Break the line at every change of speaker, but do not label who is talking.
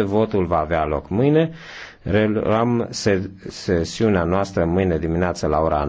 Votul va avea loc mâine. Reluăm sesiunea noastră mâine dimineață la ora